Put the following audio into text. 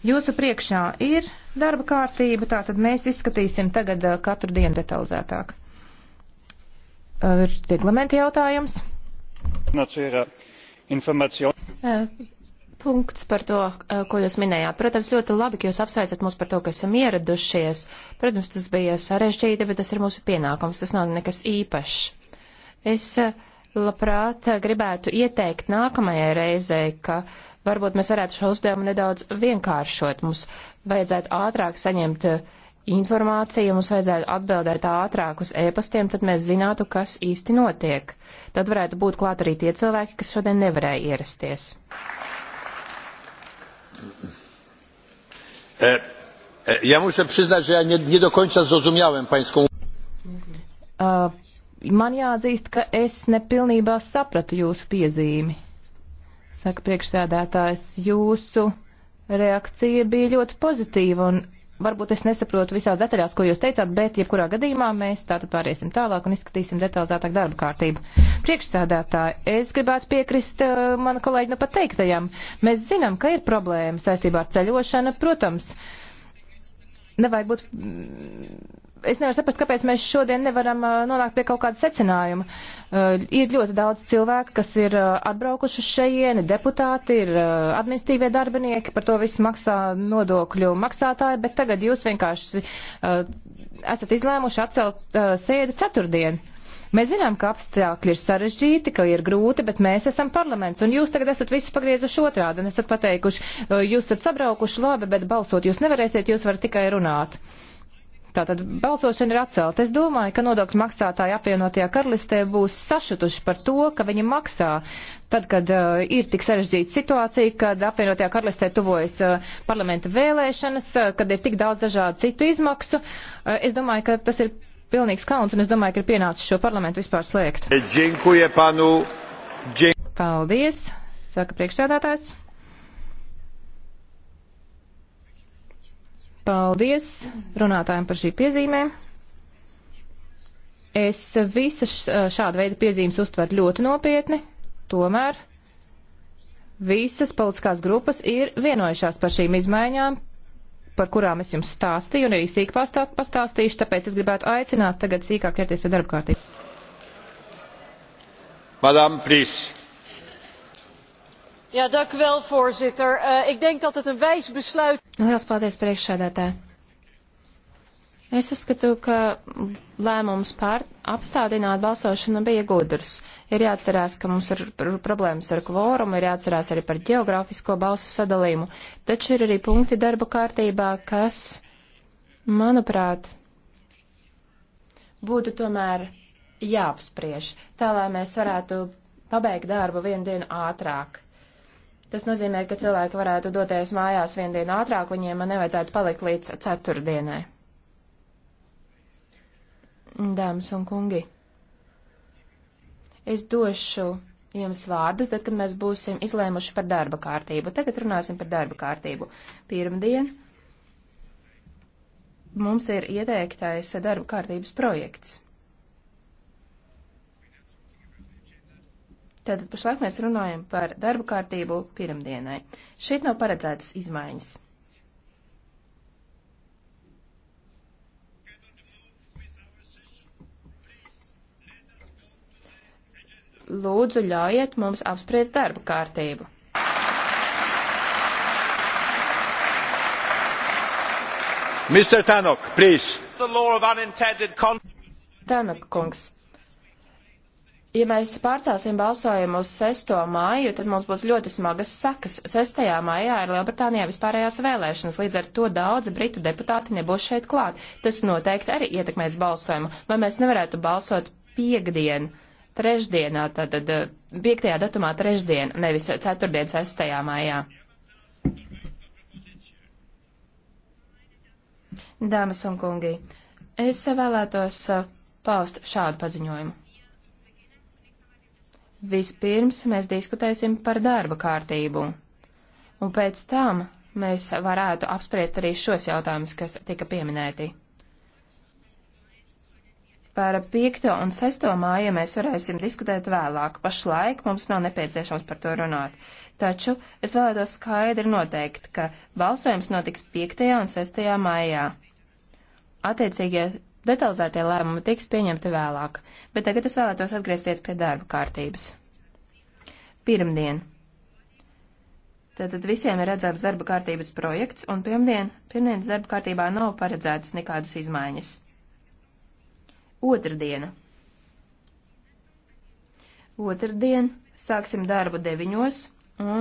Jūsu priekšā ir darba kārtība, tātad mēs izskatīsim tagad katru dienu detalizētāk. Ir reglamenta jautājums. Punkts par to, ko jūs minējāt. Protams, ļoti labi, ka jūs apsveicat mūs par to, ka esam ieradušies. Protams, tas bija sarežģīti, bet tas ir mūsu pienākums. Tas nav nekas īpašs. Es labprāt gribētu ieteikt nākamajai reizei, ka uh, Varbūt mēs varētu šo uzdevumu nedaudz vienkāršot. Mums vajadzētu ātrāk saņemt eh, informāciju, mums vajadzētu atbildēt ātrāk uz ēpastiem, tad mēs zinātu, kas īsti notiek. Tad varētu būt klāt arī tie cilvēki, kas šodien nevarēja ierasties. E, e, ja muszę przyznać, że ja nie, nie do końca zrozumiałem pańską. Uh, man jāatzīst, ka es nepilnībā sapratu jūsu piezīmi saka priekšsēdētājs, jūsu reakcija bija ļoti pozitīva un varbūt es nesaprotu visās detaļās, ko jūs teicāt, bet jebkurā gadījumā mēs tātad pāriesim tālāk un izskatīsim detalizētāk darba kārtību. Priekšsēdētāji, es gribētu piekrist uh, mana kolēģi nu pateiktajam. Mēs zinām, ka ir problēma saistībā ar ceļošanu, protams. Uh, nevajag būt. Mm, es nevaru saprast, kāpēc mēs šodien nevaram nonākt pie kaut kāda secinājuma. Ir ļoti daudz cilvēku, kas ir atbraukuši šajieni, deputāti, ir administīvie darbinieki, par to visu maksā nodokļu maksātāji, bet tagad jūs vienkārši esat izlēmuši atcelt sēdi ceturtdienu. Mēs zinām, ka apstākļi ir sarežģīti, ka ir grūti, bet mēs esam parlaments, un jūs tagad esat visus pagriezuši otrādi, un esat pateikuši, jūs esat sabraukuši labi, bet balsot jūs nevarēsiet, jūs varat tikai runāt. Tātad balsošana ir atcelta. Es domāju, ka nodokļu maksātāji apvienotajā karalistē būs sašutuši par to, ka viņi maksā tad, kad uh, ir tik sarežģīta situācija, kad apvienotajā karalistē tuvojas uh, parlamenta vēlēšanas, uh, kad ir tik daudz dažādu citu izmaksu. Uh, es domāju, ka tas ir pilnīgs kauns, un es domāju, ka ir pienācis šo parlamentu vispār slēgt. Džinkuje panu. Džink... Paldies, saka priekšsēdētājs. Paldies runātājiem par šī piezīmēm. Es visas šāda veida piezīmes uztveru ļoti nopietni, tomēr visas politiskās grupas ir vienojušās par šīm izmaiņām, par kurām es jums stāstīju un arī sīk pastā, pastāstīšu, tāpēc es gribētu aicināt tagad sīkāk ķerties pie darba kārtības. Madam, please. Ja, dank u wel, voorzitter. Uh, ik denk dat het een wijs besluit. Liels paldies, priekšsēdētāji. Es uzskatu, ka lēmums pār apstādināt balsošanu bija gudrs. Ir jāatcerās, ka mums ir problēmas ar kvorumu, ir jāatcerās arī par geogrāfisko balsu sadalījumu, taču ir arī punkti darba kārtībā, kas, manuprāt, būtu tomēr jāapspriež, tā lai mēs varētu pabeigt darbu vienu dienu ātrāk. Tas nozīmē, ka cilvēki varētu doties mājās vienu dienu ātrāk, un viņiem nevajadzētu palikt līdz ceturtdienai dāmas un kungi. Es došu jums vārdu, tad, kad mēs būsim izlēmuši par darba kārtību. Tagad runāsim par darba kārtību. Pirmdien mums ir ieteiktais darba kārtības projekts. Tātad pašlaik mēs runājam par darba kārtību pirmdienai. Šeit nav paredzētas izmaiņas. lūdzu ļaujiet mums apspriest darba kārtību. Mr. Tanok, please. Tanok kungs, ja mēs pārcelsim balsojumu uz 6. māju, tad mums būs ļoti smagas sakas. 6. mājā ir Lielbritānijā vispārējās vēlēšanas, līdz ar to daudzi britu deputāti nebūs šeit klāt. Tas noteikti arī ietekmēs balsojumu. Vai mēs nevarētu balsot piekdienu? trešdienā, tātad 5. Eh, datumā trešdien, nevis ceturtdien 6. maijā. Dāmas un kungi, es vēlētos eh, paust šādu paziņojumu. Vispirms mēs diskutēsim par darba kārtību, un pēc tam mēs varētu apspriest arī šos jautājumus, kas tika pieminēti. Par 5. un 6. māju mēs varēsim diskutēt vēlāk. Pašlaik mums nav nepieciešams par to runāt. Taču es vēlētos skaidri noteikt, ka balsojums notiks 5. un 6. maijā. Attiecīgie detalizētie lēmumi tiks pieņemti vēlāk, bet tagad es vēlētos atgriezties pie darba kārtības. Pirmdien. Tātad visiem ir redzams darba kārtības projekts, un pirmdien, pirmdienas darba kārtībā nav paredzētas nekādas izmaiņas. Otrdiena. Otrdien sāksim darbu deviņos un